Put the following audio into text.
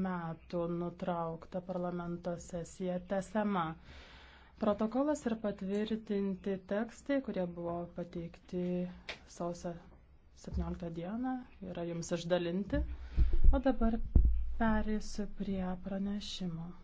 metų nutraukta parlamento sesija tesama. Protokolas ir patvirtinti tekstai, kurie buvo pateikti sausio 17 dieną, yra jums išdalinti. O dabar perėsiu prie pranešimo.